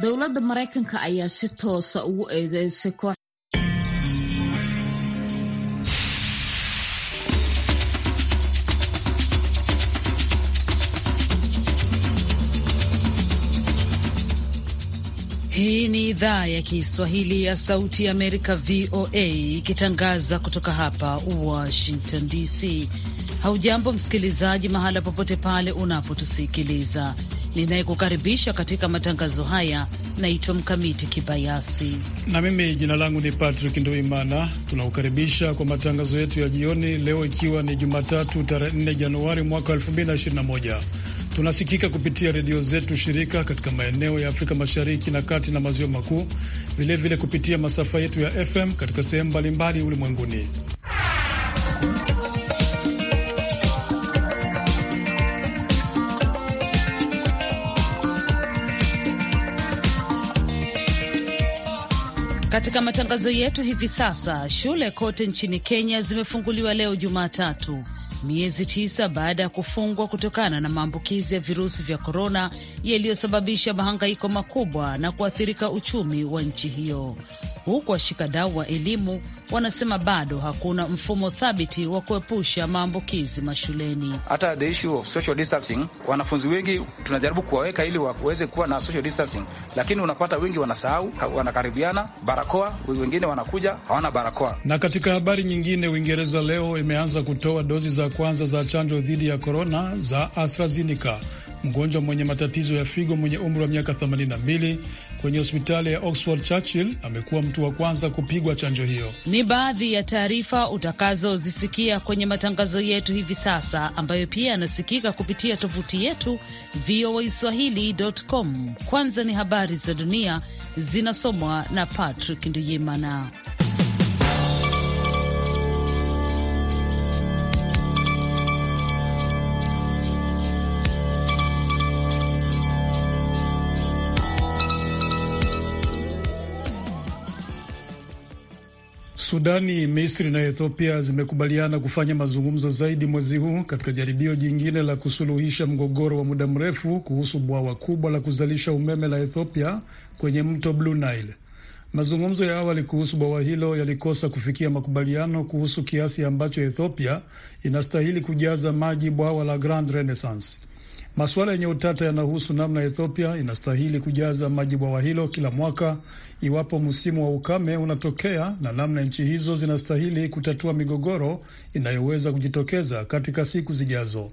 Dowladda Maraykanka ayaa si toosa ah ugu eedeysay koox Hii ni idhaa ya Kiswahili ya Sauti ya Amerika, VOA, ikitangaza kutoka hapa Washington DC. Haujambo msikilizaji, mahala popote pale unapotusikiliza ninayekukaribisha katika matangazo haya. Naitwa Mkamiti Kibayasi na mimi jina langu ni Patrick Nduimana. Tunakukaribisha kwa matangazo yetu ya jioni leo, ikiwa ni Jumatatu tarehe 4 Januari mwaka 2021. Tunasikika kupitia redio zetu shirika katika maeneo ya Afrika Mashariki na kati na maziwa makuu, vilevile kupitia masafa yetu ya FM katika sehemu mbalimbali ulimwenguni. Katika matangazo yetu hivi sasa, shule kote nchini Kenya zimefunguliwa leo Jumatatu, miezi tisa baada ya kufungwa kutokana na maambukizi ya virusi vya korona yaliyosababisha mahangaiko makubwa na kuathirika uchumi wa nchi hiyo huku washikadau wa elimu wanasema bado hakuna mfumo thabiti wa kuepusha maambukizi mashuleni. Hata the issue of social distancing, wanafunzi wengi tunajaribu kuwaweka ili waweze kuwa na social distancing, lakini unapata wengi wanasahau, wanakaribiana barakoa, wengine wanakuja hawana barakoa. Na katika habari nyingine, Uingereza leo imeanza kutoa dozi za kwanza za chanjo dhidi ya korona za AstraZeneca. Mgonjwa mwenye matatizo ya figo mwenye umri wa miaka 82 kwenye hospitali ya Oxford Churchill amekuwa mtu wa kwanza kupigwa chanjo hiyo. Ni baadhi ya taarifa utakazozisikia kwenye matangazo yetu hivi sasa, ambayo pia yanasikika kupitia tovuti yetu Swahili.com. Kwanza ni habari za dunia zinasomwa na Patrick Nduyimana. Sudani, Misri na Ethiopia zimekubaliana kufanya mazungumzo zaidi mwezi huu katika jaribio jingine la kusuluhisha mgogoro wa muda mrefu kuhusu bwawa kubwa la kuzalisha umeme la Ethiopia kwenye mto Blue Nile. Mazungumzo ya awali kuhusu bwawa hilo yalikosa kufikia makubaliano kuhusu kiasi ambacho Ethiopia inastahili kujaza maji bwawa la Grand Renaissance. Masuala yenye utata yanahusu namna Ethiopia inastahili kujaza maji bwawa hilo kila mwaka iwapo msimu wa ukame unatokea na namna nchi hizo zinastahili kutatua migogoro inayoweza kujitokeza katika siku zijazo.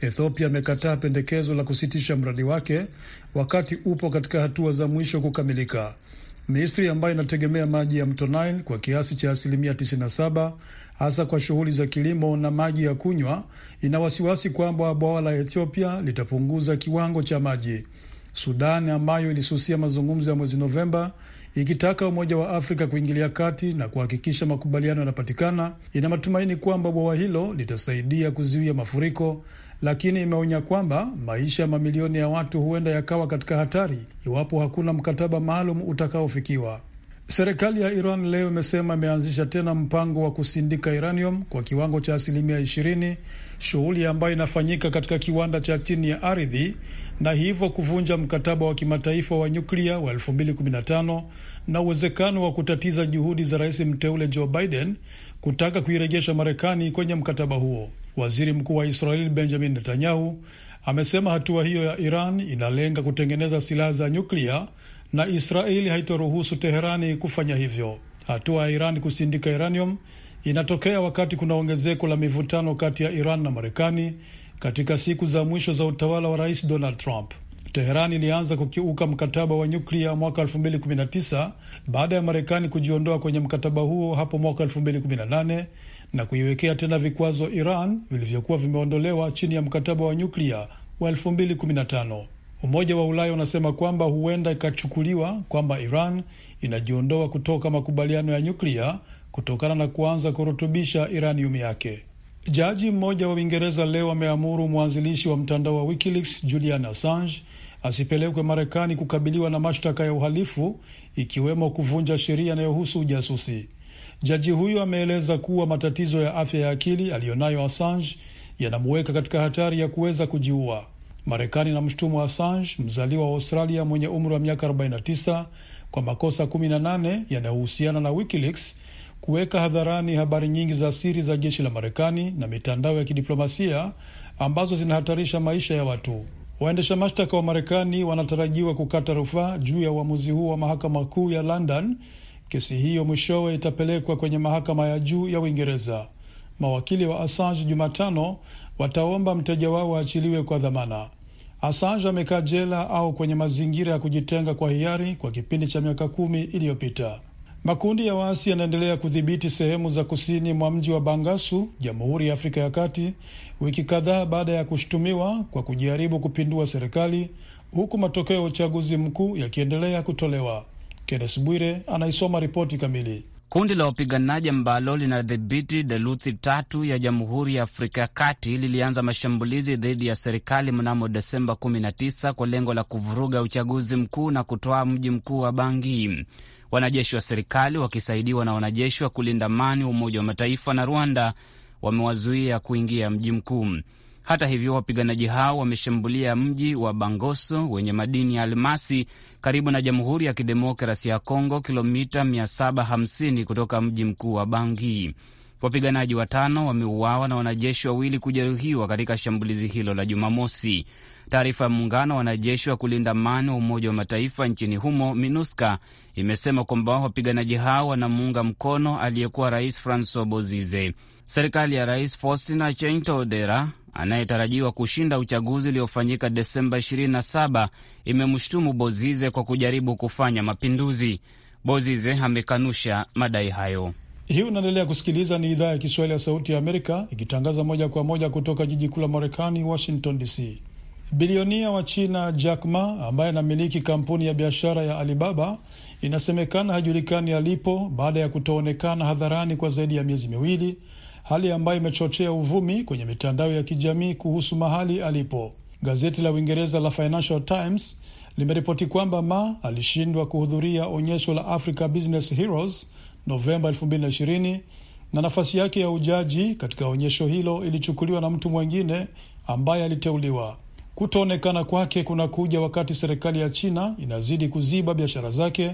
Ethiopia amekataa pendekezo la kusitisha mradi wake wakati upo katika hatua za mwisho kukamilika. Misri ambayo inategemea maji ya mto Nile kwa kiasi cha asilimia 97 hasa kwa shughuli za kilimo na maji ya kunywa, ina wasiwasi kwamba bwawa la Ethiopia litapunguza kiwango cha maji. Sudan ambayo ilisusia mazungumzo ya mwezi Novemba ikitaka Umoja wa Afrika kuingilia kati na kuhakikisha makubaliano yanapatikana. Ina matumaini kwamba bwawa hilo litasaidia kuzuia mafuriko, lakini imeonya kwamba maisha ya mamilioni ya watu huenda yakawa katika hatari iwapo hakuna mkataba maalum utakaofikiwa. Serikali ya Iran leo imesema imeanzisha tena mpango wa kusindika uranium kwa kiwango cha asilimia ishirini, shughuli ambayo inafanyika katika kiwanda cha chini ya ardhi na hivyo kuvunja mkataba wa kimataifa wa nyuklia wa 2015 na uwezekano wa kutatiza juhudi za rais mteule Joe Biden kutaka kuirejesha Marekani kwenye mkataba huo. Waziri mkuu wa Israeli Benjamin Netanyahu amesema hatua hiyo ya Iran inalenga kutengeneza silaha za nyuklia na Israeli haitoruhusu Teherani kufanya hivyo. Hatua ya Iran kusindika uranium inatokea wakati kuna ongezeko la mivutano kati ya Iran na Marekani katika siku za mwisho za utawala wa Rais Donald Trump. Teherani ilianza kukiuka mkataba wa nyuklia mwaka 2019 baada ya Marekani kujiondoa kwenye mkataba huo hapo mwaka 2018 na kuiwekea tena vikwazo Iran vilivyokuwa vimeondolewa chini ya mkataba wa nyuklia wa 2015. Umoja wa Ulaya unasema kwamba huenda ikachukuliwa kwamba Iran inajiondoa kutoka makubaliano ya nyuklia kutokana na kuanza kurutubisha iranium yake. Jaji mmoja wa Uingereza leo ameamuru mwanzilishi wa mtandao wa WikiLeaks Julian Assange asipelekwe Marekani kukabiliwa na mashtaka ya uhalifu ikiwemo kuvunja sheria inayohusu ujasusi. Jaji huyo ameeleza kuwa matatizo ya afya ya akili aliyonayo Assange yanamuweka katika hatari ya kuweza kujiua. Marekani na mshtumu Assange, mzaliwa wa Australia mwenye umri wa miaka 49 kwa makosa 18 yanayohusiana na WikiLeaks kuweka hadharani habari nyingi za siri za jeshi la Marekani na mitandao ya kidiplomasia ambazo zinahatarisha maisha ya watu. Waendesha mashtaka wa Marekani wanatarajiwa kukata rufaa juu ya uamuzi huu wa mahakama kuu ya London. Kesi hiyo mwishowe itapelekwa kwenye mahakama ya juu ya Uingereza. Mawakili wa Assange Jumatano wataomba mteja wao waachiliwe kwa dhamana. Assange amekaa jela au kwenye mazingira ya kujitenga kwa hiari kwa kipindi cha miaka kumi iliyopita. Makundi ya waasi yanaendelea kudhibiti sehemu za kusini mwa mji wa Bangasu, Jamhuri ya Afrika ya Kati, wiki kadhaa baada ya kushutumiwa kwa kujaribu kupindua serikali, huku matokeo ya uchaguzi mkuu yakiendelea kutolewa. Kennes Bwire anaisoma ripoti kamili. Kundi la wapiganaji ambalo linadhibiti theluthi tatu ya Jamhuri ya Afrika ya Kati lilianza mashambulizi dhidi ya serikali mnamo Desemba 19 kwa lengo la kuvuruga uchaguzi mkuu na kutoa mji mkuu wa bangi Wanajeshi wa serikali wakisaidiwa na wanajeshi wa kulinda amani wa Umoja wa Mataifa na Rwanda wamewazuia kuingia mji mkuu. Hata hivyo, wapiganaji hao wameshambulia mji wa Bangoso wenye madini ya almasi karibu na Jamhuri ya Kidemokrasi ya Kongo, kilomita 750 kutoka mji mkuu wa bangi Wapiganaji watano wameuawa na wanajeshi wawili kujeruhiwa katika shambulizi hilo la Jumamosi. Taarifa ya muungano wa wanajeshi wa kulinda amani wa Umoja wa Mataifa nchini humo MINUSCA imesema kwamba wapiganaji hao wanamuunga mkono aliyekuwa rais Francois Bozize. Serikali ya rais Faustin Archange Touadera anayetarajiwa kushinda uchaguzi uliofanyika Desemba 27 imemshutumu Bozize kwa kujaribu kufanya mapinduzi. Bozize amekanusha madai hayo. Hii unaendelea kusikiliza, ni idhaa ya Kiswahili ya Sauti ya Amerika ikitangaza moja kwa moja kutoka jiji kuu la Marekani, Washington DC. Bilionia wa China Jack Ma ambaye anamiliki kampuni ya biashara ya Alibaba inasemekana hajulikani alipo baada ya kutoonekana hadharani kwa zaidi ya miezi miwili hali ambayo imechochea uvumi kwenye mitandao ya kijamii kuhusu mahali alipo. Gazeti la Uingereza la Financial Times limeripoti kwamba Ma alishindwa kuhudhuria onyesho la Africa Business Heroes Novemba 2020 na nafasi yake ya ujaji katika onyesho hilo ilichukuliwa na mtu mwingine ambaye aliteuliwa. Kutoonekana kwake kuna kuja wakati serikali ya China inazidi kuziba biashara zake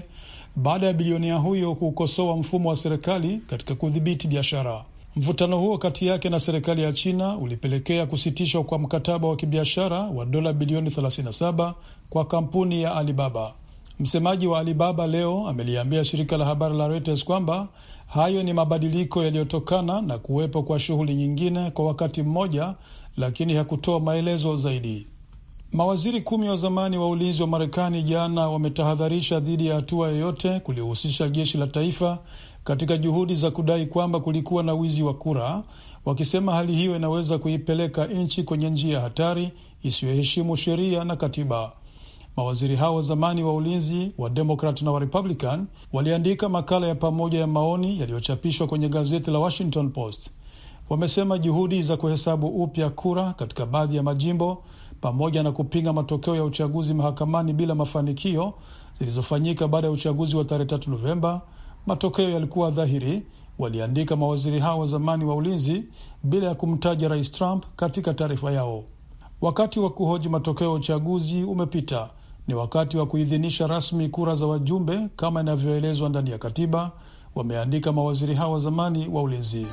baada ya bilionea huyo kuukosoa mfumo wa serikali katika kudhibiti biashara. Mvutano huo kati yake na serikali ya China ulipelekea kusitishwa kwa mkataba wa kibiashara wa dola bilioni 37 kwa kampuni ya Alibaba. Msemaji wa Alibaba leo ameliambia shirika la habari la Reuters kwamba hayo ni mabadiliko yaliyotokana na kuwepo kwa shughuli nyingine kwa wakati mmoja, lakini hakutoa maelezo zaidi. Mawaziri kumi wa zamani wa ulinzi wa Marekani jana wametahadharisha dhidi ya hatua yoyote kuliohusisha jeshi la taifa katika juhudi za kudai kwamba kulikuwa na wizi wa kura, wakisema hali hiyo inaweza kuipeleka nchi kwenye njia hatari isiyoheshimu sheria na katiba. Mawaziri hao wa zamani wa ulinzi wa Demokrat na wa Republican waliandika makala ya pamoja ya maoni yaliyochapishwa kwenye gazeti la Washington Post. Wamesema juhudi za kuhesabu upya kura katika baadhi ya majimbo pamoja na kupinga matokeo ya uchaguzi mahakamani bila mafanikio zilizofanyika baada ya uchaguzi wa tarehe 3 Novemba Matokeo yalikuwa dhahiri, waliandika mawaziri hao wa zamani wa ulinzi bila ya kumtaja Rais Trump katika taarifa yao. Wakati wa kuhoji matokeo ya uchaguzi umepita, ni wakati wa kuidhinisha rasmi kura za wajumbe kama inavyoelezwa ndani ya katiba, wameandika mawaziri hao wa zamani wa ulinzi.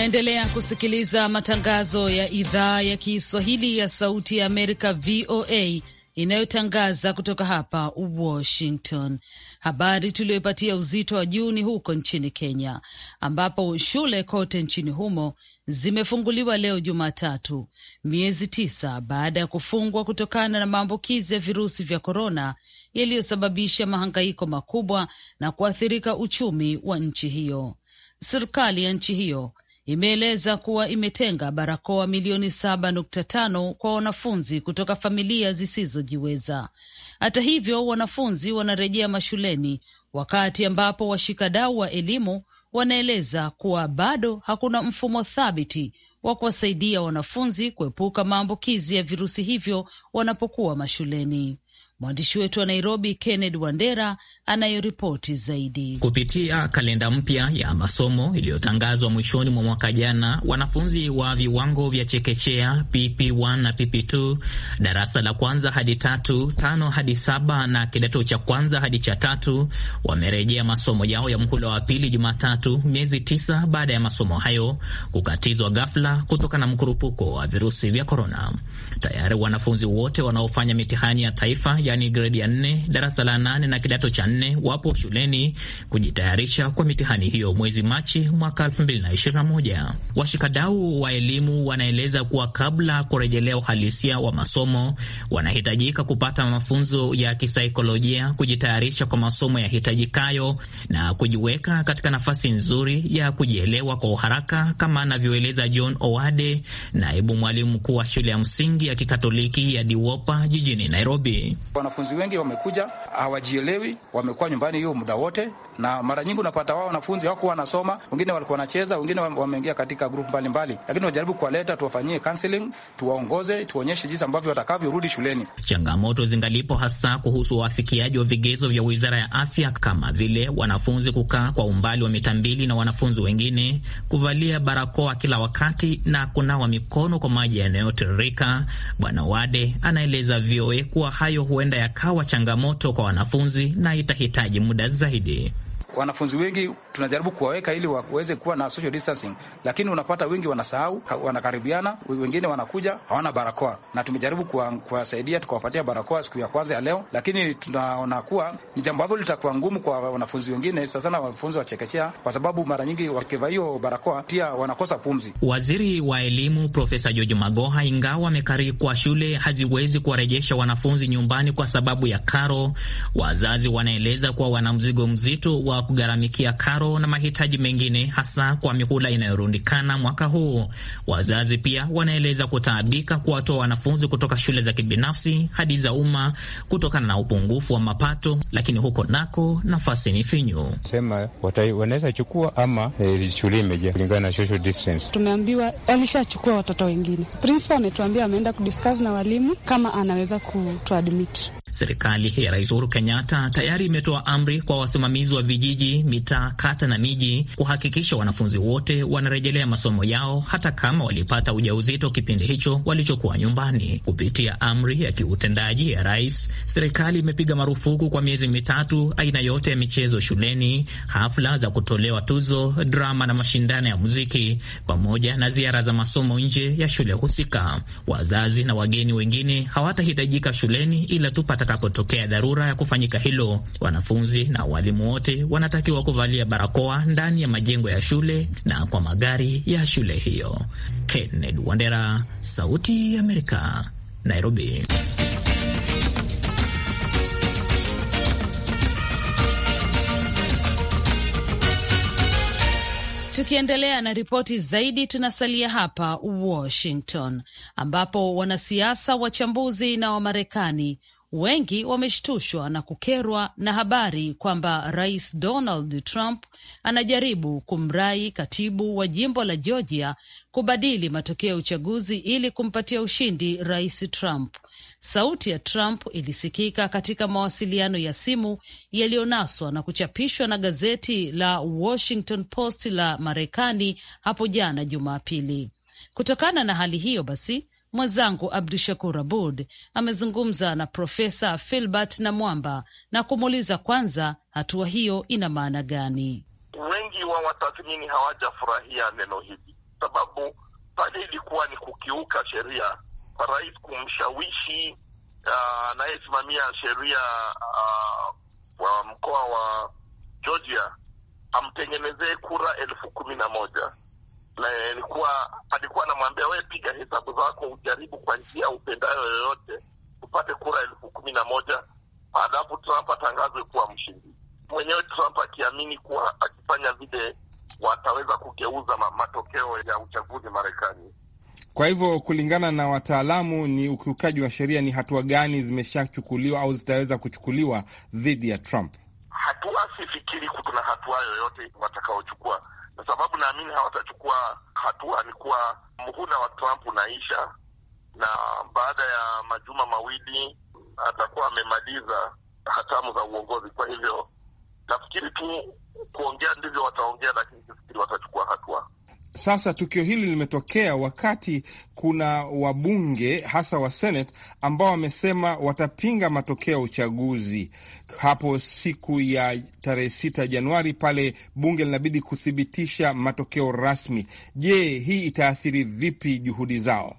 Unaendelea kusikiliza matangazo ya idhaa ya Kiswahili ya Sauti ya Amerika, VOA, inayotangaza kutoka hapa Washington. Habari tuliyoipatia uzito wa juu ni huko nchini Kenya, ambapo shule kote nchini humo zimefunguliwa leo Jumatatu, miezi tisa baada ya kufungwa kutokana na maambukizi ya virusi vya korona yaliyosababisha mahangaiko makubwa na kuathirika uchumi wa nchi hiyo. Serikali ya nchi hiyo imeeleza kuwa imetenga barakoa milioni saba nukta tano kwa wanafunzi kutoka familia zisizojiweza. Hata hivyo, wanafunzi wanarejea mashuleni wakati ambapo washikadau wa elimu wanaeleza kuwa bado hakuna mfumo thabiti wa kuwasaidia wanafunzi kuepuka maambukizi ya virusi hivyo wanapokuwa mashuleni. Mwandishi wetu wa Nairobi, Kenneth Wandera, anayoripoti zaidi. Kupitia kalenda mpya ya masomo iliyotangazwa mwishoni mwa mwaka jana, wanafunzi wa viwango vya chekechea PP1 na PP2, darasa la kwanza hadi tatu, tano hadi saba na kidato cha kwanza hadi cha tatu wamerejea masomo yao ya mhula wa pili Jumatatu, miezi tisa baada ya masomo hayo kukatizwa ghafla kutokana na mkurupuko wa virusi vya korona. Tayari wanafunzi wote wanaofanya mitihani ya taifa, yani gredi ya nne, darasa la nane na kidato cha nne wanne wapo shuleni kujitayarisha kwa mitihani hiyo mwezi Machi mwaka moja. Washikadau wa elimu wanaeleza kuwa kabla kurejelea uhalisia wa masomo, wanahitajika kupata mafunzo ya kisaikolojia, kujitayarisha kwa masomo yahitajikayo na kujiweka katika nafasi nzuri ya kujielewa kwa uharaka, kama anavyoeleza John Owade, naibu mwalimu mkuu wa shule ya msingi ya Kikatoliki ya Diwopa jijini Nairobi. Wanafunzi wengi wamekuja hawajielewi wamekuwa nyumbani hiyo muda wote, na mara nyingi unapata wao wanafunzi hawakuwa wanasoma, wengine walikuwa wanacheza, wengine wameingia katika grupu mbalimbali, lakini wajaribu kuwaleta, tuwafanyie counseling, tuwaongoze, tuonyeshe jinsi ambavyo watakavyorudi shuleni. Changamoto zingalipo hasa kuhusu wafikiaji wa vigezo vya Wizara ya Afya kama vile wanafunzi kukaa kwa umbali wa mita mbili na wanafunzi wengine, kuvalia barakoa kila wakati na kunawa mikono kwa maji yanayotiririka. Bwana Wade anaeleza VOA kuwa hayo huenda yakawa changamoto kwa wanafunzi na itahitaji muda zaidi wanafunzi wengi tunajaribu kuwaweka ili waweze kuwa na social distancing, lakini unapata wengi wanasahau, wanakaribiana, wengine wanakuja hawana barakoa, na tumejaribu kuwasaidia tukawapatia barakoa siku ya kwanza ya leo, lakini tunaona kuwa ni jambo ambalo litakuwa ngumu kwa wanafunzi wengine, sasa sana wanafunzi wa chekechea, kwa sababu mara nyingi wakivaa hiyo barakoa pia wanakosa pumzi. Waziri wa elimu Profesa George Magoha, ingawa amekariri kwa shule haziwezi kuwarejesha wanafunzi nyumbani kwa sababu ya karo, wazazi wanaeleza kuwa wana mzigo mzito wa kugharamikia karo na mahitaji mengine, hasa kwa mihula inayorundikana mwaka huu. Wazazi pia wanaeleza kutaabika kuwatoa wanafunzi kutoka shule za kibinafsi hadi za umma kutokana na upungufu wa mapato, lakini huko nako nafasi ni finyu. Sema wanaweza chukua ama shule eh, imejaa kulingana na social distance. Tumeambiwa walishachukua watoto wengine. Prinsipa ametuambia ameenda kudiskas na walimu kama anaweza kutuadmiti Serikali ya Rais Uhuru Kenyatta tayari imetoa amri kwa wasimamizi wa vijiji, mitaa, kata na miji kuhakikisha wanafunzi wote wanarejelea masomo yao hata kama walipata ujauzito kipindi hicho walichokuwa nyumbani. Kupitia amri ya kiutendaji ya rais, serikali imepiga marufuku kwa miezi mitatu aina yote ya michezo shuleni, hafla za kutolewa tuzo, drama na mashindano ya muziki, pamoja na ziara za masomo nje ya shule husika. Wazazi na wageni wengine hawatahitajika shuleni ila tupa patakapotokea dharura ya kufanyika hilo, wanafunzi na walimu wote wanatakiwa kuvalia barakoa ndani ya majengo ya shule na kwa magari ya shule hiyo. Kenneth Wandera, Sauti ya Amerika, Nairobi. Tukiendelea na ripoti zaidi, tunasalia hapa Washington ambapo wanasiasa wachambuzi na Wamarekani Wengi wameshtushwa na kukerwa na habari kwamba Rais Donald Trump anajaribu kumrai katibu wa jimbo la Georgia kubadili matokeo ya uchaguzi ili kumpatia ushindi Rais Trump. Sauti ya Trump ilisikika katika mawasiliano ya simu yaliyonaswa na kuchapishwa na gazeti la Washington Post la Marekani hapo jana Jumapili. Kutokana na hali hiyo basi Mwenzangu Abdu Shakur Abud amezungumza na Profesa Filbert Namwamba na kumuuliza kwanza hatua hiyo ina maana gani. Wengi wa watathmini hawajafurahia neno hili, sababu pale ilikuwa ni kukiuka sheria kwa rais kumshawishi ah, anayesimamia uh, sheria uh, wa mkoa wa Georgia amtengenezee kura elfu kumi na moja na ilikuwa alikuwa anamwambia wewe, piga hesabu zako, ujaribu kwa njia upendayo yoyote upate kura elfu kumi na moja alafu Trump atangazwe kuwa mshindi. Mwenyewe Trump akiamini kuwa akifanya vile wataweza kugeuza matokeo ya uchaguzi Marekani. Kwa hivyo kulingana na wataalamu, ni ukiukaji wa sheria. Ni hatua gani zimeshachukuliwa au zitaweza kuchukuliwa dhidi ya Trump? Hatua sifikiri kuna hatua yoyote watakaochukua kwa sababu naamini hawatachukua hatua. Ni kuwa muhula wa Trump unaisha, na baada ya majuma mawili atakuwa amemaliza hatamu za uongozi. Kwa hivyo nafikiri tu kuongea ndivyo wataongea, lakini sifikiri watachukua sasa tukio hili limetokea wakati kuna wabunge hasa wa Senate ambao wamesema watapinga matokeo ya uchaguzi hapo siku ya tarehe 6 Januari, pale bunge linabidi kuthibitisha matokeo rasmi. Je, hii itaathiri vipi juhudi zao?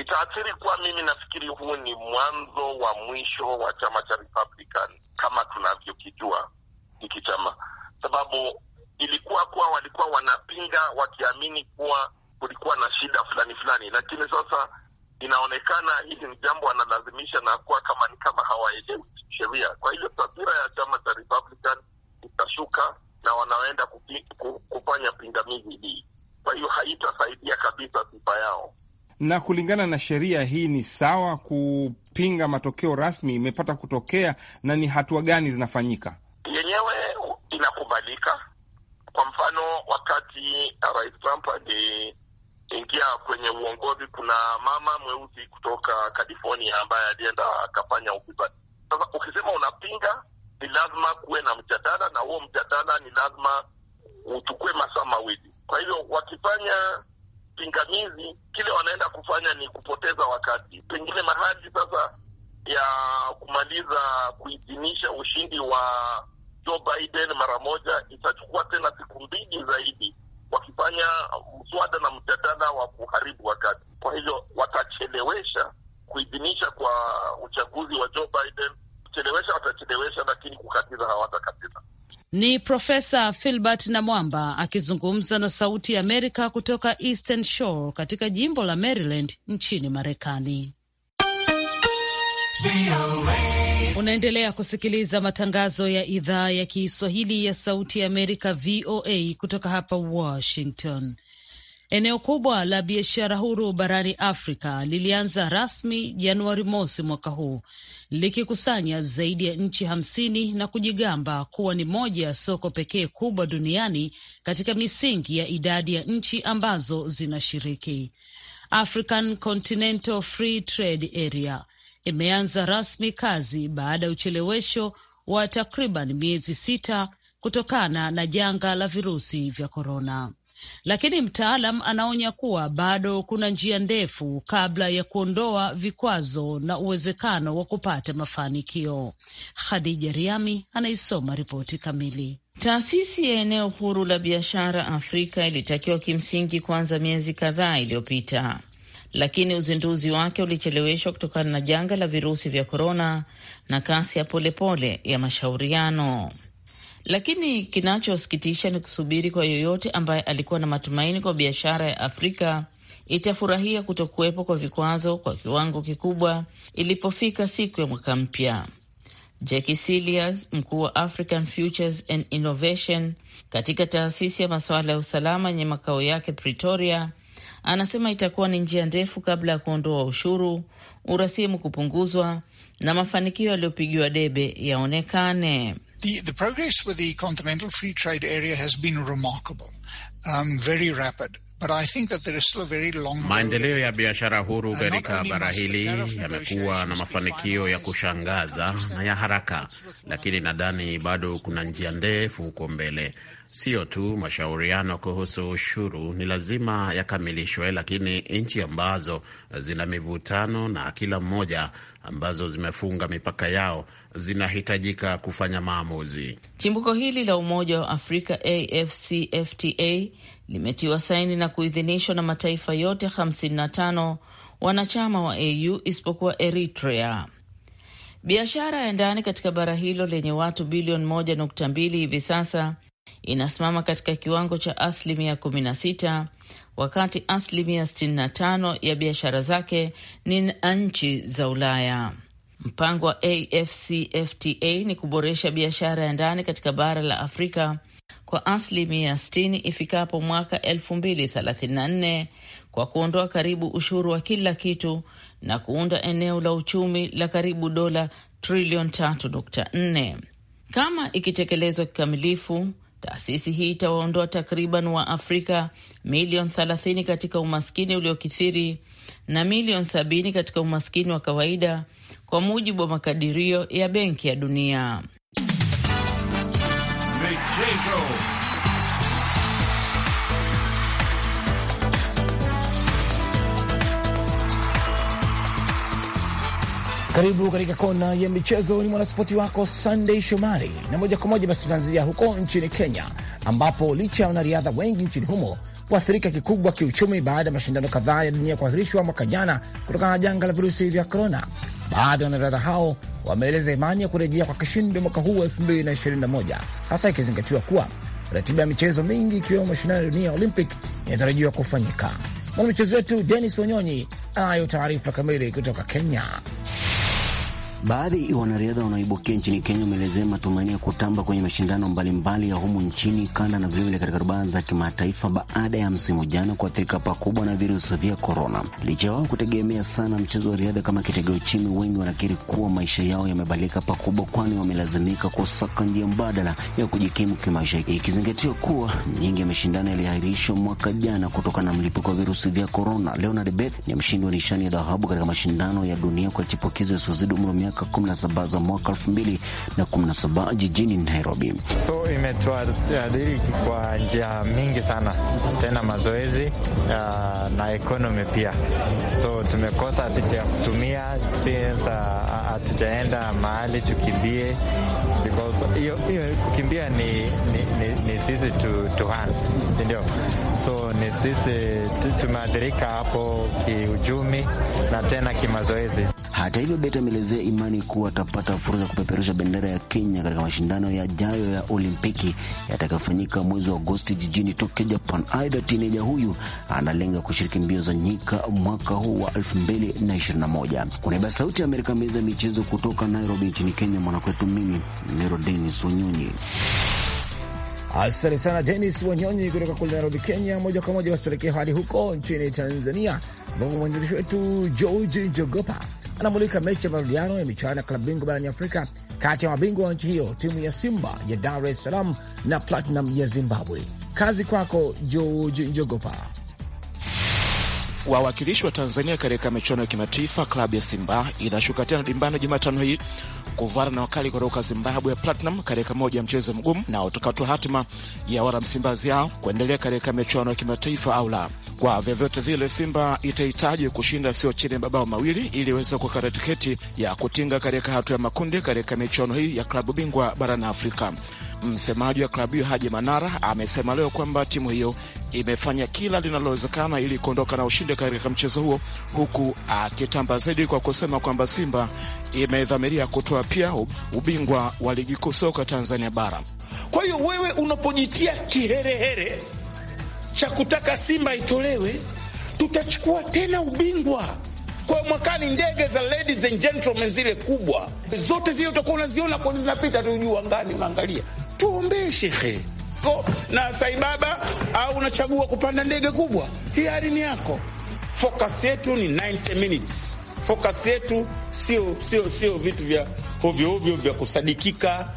Itaathiri kuwa, mimi nafikiri huu ni mwanzo wa mwisho wa chama cha Republican kama tunavyokijua hiki chama, sababu ilikuwa kuwa walikuwa wanapinga wakiamini kuwa kulikuwa na shida fulani fulani, lakini sasa inaonekana hili ni jambo wanalazimisha na kuwa kama ni kama hawaelewi sheria. Kwa hivyo taswira ya chama cha Republican itashuka na wanaenda kufanya pingamizi hii, kwa hiyo haitasaidia kabisa sifa yao. Na kulingana na sheria hii ni sawa kupinga matokeo rasmi imepata kutokea, na ni hatua gani zinafanyika yenyewe inakubalika kwa mfano, wakati uh, Rais Trump aliingia kwenye uongozi, kuna mama mweusi kutoka California ambaye alienda akafanya ubibati. Sasa ukisema unapinga, ni lazima kuwe na mjadala, na huo mjadala ni lazima uchukue masaa mawili. Kwa hivyo wakifanya pingamizi, kile wanaenda kufanya ni kupoteza wakati, pengine mahali sasa ya kumaliza kuidhinisha ushindi wa Joe Biden mara moja, itachukua tena siku mbili zaidi wakifanya mswada na mjadala wa kuharibu wakati. Kwa hivyo watachelewesha kuidhinisha kwa uchaguzi wa Joe Biden. Kuchelewesha watachelewesha, lakini kukatiza hawatakatiza. Ni Profesa Filbert Namwamba akizungumza na Sauti ya Amerika kutoka Eastern Shore katika jimbo la Maryland nchini Marekani. Unaendelea kusikiliza matangazo ya idhaa ya Kiswahili ya Sauti ya Amerika, VOA, kutoka hapa Washington. Eneo kubwa la biashara huru barani Afrika lilianza rasmi Januari mosi mwaka huu likikusanya zaidi ya nchi hamsini na kujigamba kuwa ni moja ya soko pekee kubwa duniani katika misingi ya idadi ya nchi ambazo zinashiriki. African Continental Free Trade Area imeanza rasmi kazi baada ya uchelewesho wa takriban miezi sita kutokana na janga la virusi vya korona, lakini mtaalam anaonya kuwa bado kuna njia ndefu kabla ya kuondoa vikwazo na uwezekano wa kupata mafanikio. Khadija Riami anaisoma ripoti kamili. Taasisi ya eneo huru la biashara Afrika ilitakiwa kimsingi kuanza miezi kadhaa iliyopita lakini uzinduzi wake ulicheleweshwa kutokana na janga la virusi vya korona na kasi ya polepole ya mashauriano. Lakini kinachosikitisha ni kusubiri kwa yoyote ambaye alikuwa na matumaini kwa biashara ya Afrika itafurahia kutokuwepo kwa vikwazo kwa kiwango kikubwa ilipofika siku ya mwaka mpya. Jackie Silias, mkuu wa African Futures and Innovation katika taasisi ya masuala ya usalama yenye makao yake Pretoria, anasema itakuwa ni njia ndefu kabla ya kuondoa ushuru, urasimu kupunguzwa na mafanikio yaliyopigiwa debe yaonekane. The, the progress with the Continental Free Trade Area has been remarkable, um, very rapid. Maendeleo ya biashara huru katika bara hili yamekuwa na mafanikio ya kushangaza na ya haraka, lakini nadhani bado kuna njia ndefu huko mbele. Sio tu mashauriano kuhusu ushuru ni lazima yakamilishwe, lakini nchi ambazo zina mivutano na kila mmoja ambazo zimefunga mipaka yao zinahitajika kufanya maamuzi. Chimbuko hili la Umoja wa Afrika AfCFTA limetiwa saini na kuidhinishwa na mataifa yote 55 wanachama wa AU isipokuwa Eritrea. Biashara ya ndani katika bara hilo lenye watu bilioni 1.2 hivi sasa inasimama katika kiwango cha asilimia 16 wakati asilimia 65 ya biashara zake ni na nchi za Ulaya. Mpango wa AfCFTA ni kuboresha biashara ya ndani katika bara la Afrika kwa asilimia 60 ifikapo mwaka 2034 kwa kuondoa karibu ushuru wa kila kitu na kuunda eneo la uchumi la karibu dola trilioni 3.4 kama ikitekelezwa kikamilifu. Taasisi hii itawaondoa takriban wa afrika milioni 30 katika umaskini uliokithiri na milioni 70 katika umaskini wa kawaida kwa mujibu wa makadirio ya Benki ya Dunia. Michezo. Karibu katika kona ya michezo, ni mwanaspoti wako Sunday Shomari, na moja kwa moja basi tunaanzia huko nchini Kenya, ambapo licha ya wanariadha wengi nchini humo kuathirika kikubwa kiuchumi baada ya mashindano kadhaa ya dunia kuahirishwa mwaka jana kutokana na janga la virusi vya korona, baadhi ya wanariadha hao wameeleza imani ya kurejea kwa kishindo mwaka huu wa 2021 hasa ikizingatiwa kuwa ratiba ya michezo mingi ikiwemo mashindano ya dunia ya Olympic inatarajiwa kufanyika. Mwanamichezo wetu Denis Wanyonyi anayo taarifa kamili kutoka Kenya. Baadhi ya wanariadha wanaoibukia nchini Kenya wameelezea matumaini ya kutamba kwenye mashindano mbalimbali ya humu nchini, kanda na vilevile katika rubaa za kimataifa, baada ya msimu jana kuathirika pakubwa na virusi vya korona. Licha ya wao kutegemea sana mchezo wa riadha kama kitegeo chini, wengi wanakiri kuwa maisha yao yamebadilika pakubwa, kwani wamelazimika kusaka njia mbadala ya kujikimu kimaisha, ikizingatia kuwa nyingi ya mashindano yaliahirishwa mwaka jana kutokana na mlipuko wa virusi vya korona. Leonard Bett ni mshindi wa nishani ya dhahabu katika mashindano ya dunia kwa chipukizo yasiozidi umri miaka 17 za mwaka 2017 jijini Nairobi. So imetuadhiri kwa njia mingi sana, tena mazoezi uh, na ekonomi pia. So tumekosa picha ya kutumia ah, ah, hatujaenda mahali tukimbie because hiyo kukimbia ni, ni, ni, ni sisi tu, tu hand si ndio? So ni sisi tumeathirika hapo kiujumi na tena kimazoezi. Hata hivyo, Bet ameelezea imani kuwa atapata fursa ya kupeperusha bendera ya Kenya katika mashindano yajayo ya Olimpiki yatakayofanyika mwezi wa Agosti jijini Tokyo, Japan. Aidha, tineja huyu analenga kushiriki mbio za nyika mwaka huu wa 2021. Kwa niaba ya Sauti ya Amerika, meza ya michezo kutoka Nairobi nchini Kenya, mwanakwetu mimi Nero Denis Wanyonyi. Asante sana Denis Wanyonyi kutoka kule Nairobi, Kenya. Moja kwa moja basi tuelekea hadi huko nchini Tanzania, ambapo mwanzilishi wetu George Jogopa anamulika mechi ya marudiano ya michuano ya klabu bingwa barani Afrika kati ya mabingwa wa nchi hiyo timu ya Simba ya Dar es Salaam na Platinum ya Zimbabwe. Kazi kwako George Njogopa. Wawakilishi wa Tanzania katika michuano ya kimataifa, klabu ya Simba inashuka tena dimbani Jumatano hii kuvana na wakali kutoka Zimbabwe Platinum katika moja ya mchezo mgumu na utakatua hatima ya wana Msimbazi yao kuendelea katika michuano ya kimataifa au la. Kwa vyovyote vile, Simba itahitaji kushinda sio chini ya mabao mawili ili iweze kukata tiketi ya kutinga katika hatua ya makundi katika michuano hii ya klabu bingwa barani Afrika. Msemaji wa klabu hiyo Haji Manara amesema leo kwamba timu hiyo imefanya kila linalowezekana ili kuondoka na ushindi katika mchezo huo, huku akitamba zaidi kwa kusema kwamba Simba imedhamiria kutoa pia ubingwa wa ligi kuu soka Tanzania Bara. Kwa hiyo wewe unapojitia kiherehere cha kutaka Simba itolewe, tutachukua tena ubingwa kwa mwakani. Ndege za ladies and gentlemen zile kubwa zote zile utakuwa unaziona kwa zinapita tu juu angani, unaangalia tuombee shekhe ko na saibaba au unachagua kupanda ndege kubwa, hiari ni yako. Focus yetu ni 90 minutes. Focus yetu sio sio sio vitu vya ovyo ovyo vya kusadikika,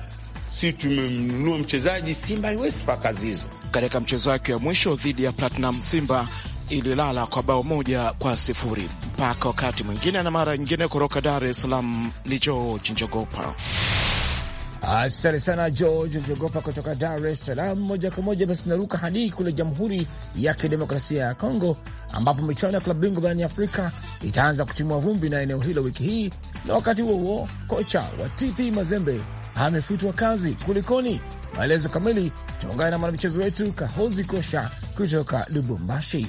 si tumemnunua mchezaji. Simba haiwezi kazi hizo. Katika mchezo wake wa mwisho dhidi ya Platinum, Simba ililala kwa bao moja kwa sifuri. Mpaka wakati mwingine na mara nyingine, kutoka Dar es Salaam ni George Asante sana George Jogopa kutoka Dar es Salaam. Moja kwa moja basi tunaruka hadi kule Jamhuri ya Kidemokrasia ya Kongo, ambapo michuano ya klabu bingwa barani Afrika itaanza kutimua vumbi na eneo hilo wiki hii, na wakati huo huo kocha wa TP Mazembe amefutwa kazi. Kulikoni? Maelezo kamili, tuungane na mwanamichezo wetu Kahozi Kosha kutoka Lubumbashi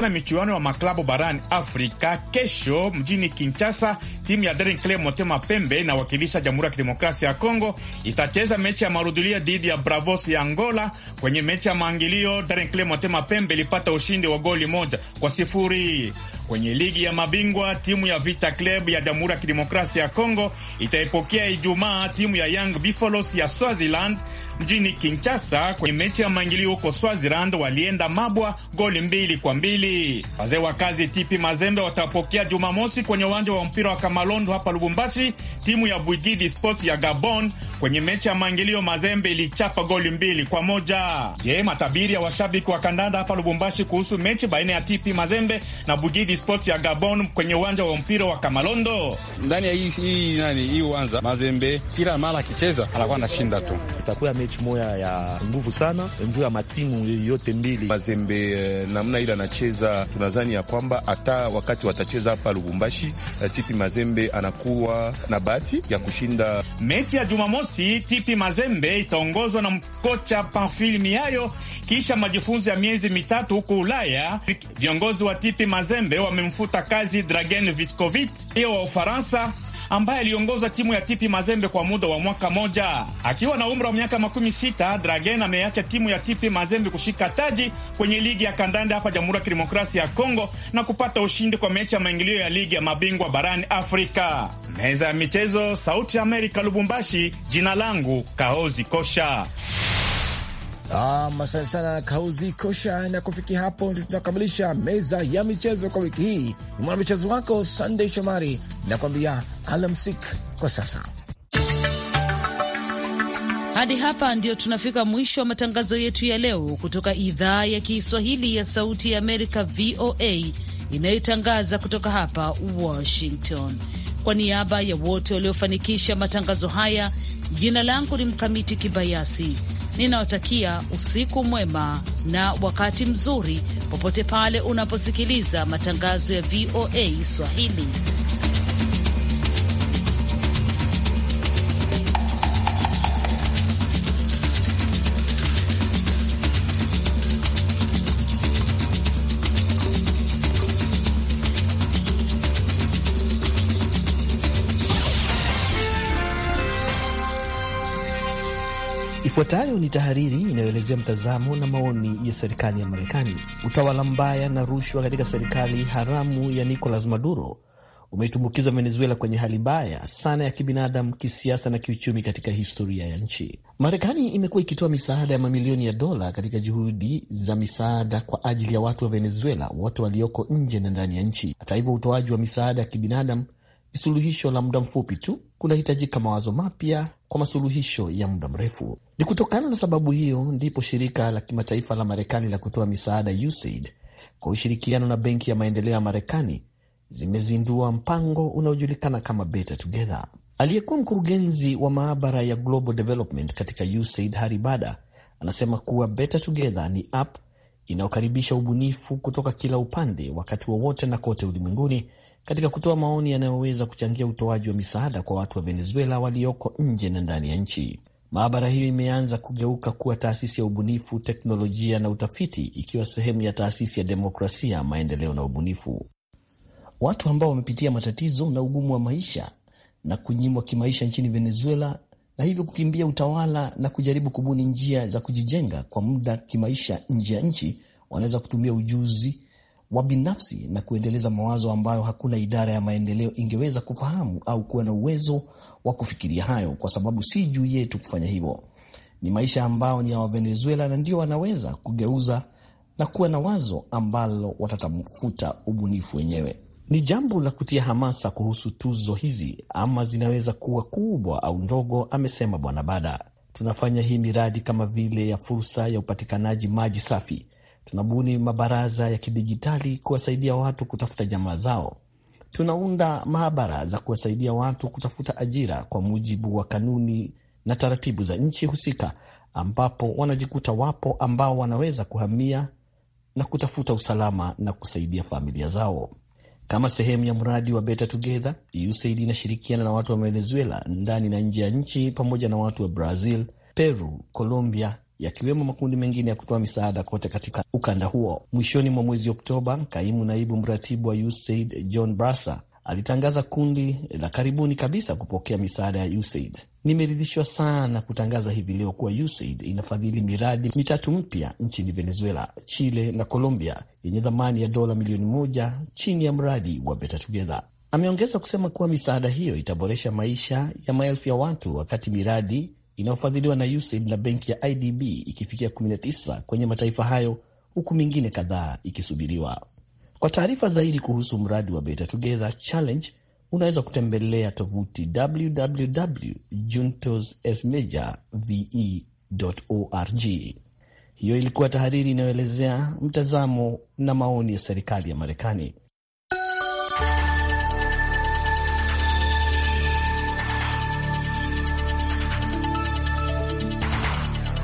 na michuano ya maklabu barani Afrika. Kesho mjini Kinshasa, timu ya Daring Club Motema Pembe inawakilisha Jamhuri ya Kidemokrasia ya Kongo, itacheza mechi ya marudhulia dhidi ya Bravos ya Angola. Kwenye mechi ya maangilio, Daring Club Motema Pembe ilipata ushindi wa goli moja kwa sifuri. Kwenye ligi ya mabingwa timu ya Vita Club ya Jamhuri ya Kidemokrasia ya Kongo itaipokea Ijumaa timu ya Young Buffaloes ya Swaziland mjini Kinshasa. Kwenye mechi ya maingilio huko Swaziland walienda mabwa goli mbili kwa mbili. Wazee wa kazi Tipi Mazembe watapokea Jumamosi kwenye uwanja wa mpira wa Kamalondo hapa Lubumbashi timu ya Bwigidi Sport ya Gabon kwenye mechi ya maingilio Mazembe ilichapa goli mbili kwa moja. Je, matabiri ya washabiki wa kandanda hapa Lubumbashi kuhusu mechi baina ya TP Mazembe na Bugidi Sport ya Gabon kwenye uwanja wa mpira wa Kamalondo? Ndani ya hii nani hii Mazembe kila mara akicheza anakuwa anashinda tu. Itakuwa mechi moya ya nguvu sana mvu ya matimu yote mbili. Mazembe eh, namna ile anacheza, tunadhani ya kwamba hata wakati watacheza hapa Lubumbashi, eh, TP Mazembe anakuwa na bahati ya kushinda mechi ya Jumamosi. Jumamosi, Tipi Mazembe itaongozwa na kocha Pamfili Miayo kisha majifunzo ya miezi mitatu huko Ulaya. Viongozi wa Tipi Mazembe wamemfuta kazi dragen Viskovic hiyo wa Ufaransa ambaye aliongoza timu ya Tipi Mazembe kwa muda wa mwaka moja. Akiwa na umri wa miaka makumi sita, Dragen ameacha timu ya Tipi Mazembe kushika taji kwenye ligi ya kandanda hapa Jamhuri ya Kidemokrasia ya Kongo na kupata ushindi kwa mechi ya maingilio ya ligi ya mabingwa barani Afrika. Meza ya michezo, Sauti ya Amerika, Lubumbashi. Jina langu kaozi Kosha. Um, asante sana Kauzi Kosha, na kufikia hapo ndio tunakamilisha meza ya michezo kwa wiki hii. Ni mwanamichezo wako Sunday Shomari nakwambia alamsik kwa sasa. Hadi hapa ndio tunafika mwisho wa matangazo yetu ya leo kutoka idhaa ya Kiswahili ya Sauti ya Amerika, VOA, inayotangaza kutoka hapa Washington. Kwa niaba ya wote waliofanikisha matangazo haya, jina langu ni Mkamiti Kibayasi. Ninawatakia usiku mwema na wakati mzuri popote pale unaposikiliza matangazo ya VOA Swahili. Ifuatayo ni tahariri inayoelezea mtazamo na maoni ya serikali ya Marekani. Utawala mbaya na rushwa katika serikali haramu ya Nicolas Maduro umeitumbukiza Venezuela kwenye hali mbaya sana ya kibinadamu, kisiasa na kiuchumi katika historia ya nchi. Marekani imekuwa ikitoa misaada ya mamilioni ya dola katika juhudi za misaada kwa ajili ya watu wa Venezuela, wote walioko nje na ndani ya nchi. Hata hivyo, utoaji wa misaada ya kibinadamu ni suluhisho la muda mfupi tu, kunahitajika mawazo mapya kwa masuluhisho ya muda mrefu. Ni kutokana na sababu hiyo ndipo shirika la kimataifa la Marekani la kutoa misaada USAID kwa ushirikiano na Benki ya Maendeleo ya Marekani zimezindua mpango unaojulikana kama Better Together. Aliyekuwa mkurugenzi wa maabara ya Global Development katika USAID Bada anasema kuwa Better Together ni app inayokaribisha ubunifu kutoka kila upande wakati wowote wa na kote ulimwenguni katika kutoa maoni yanayoweza kuchangia utoaji wa misaada kwa watu wa Venezuela walioko nje na ndani ya nchi. Maabara hiyo imeanza kugeuka kuwa taasisi ya ubunifu, teknolojia na utafiti, ikiwa sehemu ya taasisi ya demokrasia, maendeleo na ubunifu. Watu ambao wamepitia matatizo na ugumu wa maisha na kunyimwa kimaisha nchini Venezuela na hivyo kukimbia utawala na kujaribu kubuni njia za kujijenga kwa muda kimaisha nje ya nchi, wanaweza kutumia ujuzi wa binafsi na kuendeleza mawazo ambayo hakuna idara ya maendeleo ingeweza kufahamu au kuwa na uwezo wa kufikiria hayo, kwa sababu si juu yetu kufanya hivyo. Ni maisha ambayo ni ya Wavenezuela na ndio wanaweza kugeuza na kuwa na wazo ambalo watatafuta ubunifu wenyewe. Ni jambo la kutia hamasa kuhusu tuzo hizi, ama zinaweza kuwa kubwa au ndogo, amesema Bwana Bada. Tunafanya hii miradi kama vile ya fursa ya upatikanaji maji safi Tunabuni mabaraza ya kidijitali kuwasaidia watu kutafuta jamaa zao. Tunaunda maabara za kuwasaidia watu kutafuta ajira kwa mujibu wa kanuni na taratibu za nchi husika, ambapo wanajikuta wapo ambao wanaweza kuhamia na kutafuta usalama na kusaidia familia zao. Kama sehemu ya mradi wa Better Together, e USAID inashirikiana na watu wa Venezuela ndani na nje ya nchi pamoja na watu wa Brazil, Peru, Colombia, yakiwemo makundi mengine ya kutoa misaada kote katika ukanda huo. Mwishoni mwa mwezi Oktoba, kaimu naibu mratibu wa USAID John Brasa alitangaza kundi la karibuni kabisa kupokea misaada ya USAID. Nimeridhishwa sana kutangaza hivi leo kuwa USAID inafadhili miradi mitatu mpya nchini Venezuela, Chile na Colombia yenye thamani ya dola milioni moja chini ya mradi wa Better Together. Ameongeza kusema kuwa misaada hiyo itaboresha maisha ya maelfu ya watu, wakati miradi inayofadhiliwa na USAID na benki ya IDB ikifikia 19 kwenye mataifa hayo huku mingine kadhaa ikisubiriwa. Kwa taarifa zaidi kuhusu mradi wa Better Together Challenge unaweza kutembelea tovuti www ve org Hiyo ilikuwa tahariri inayoelezea mtazamo na maoni ya serikali ya Marekani.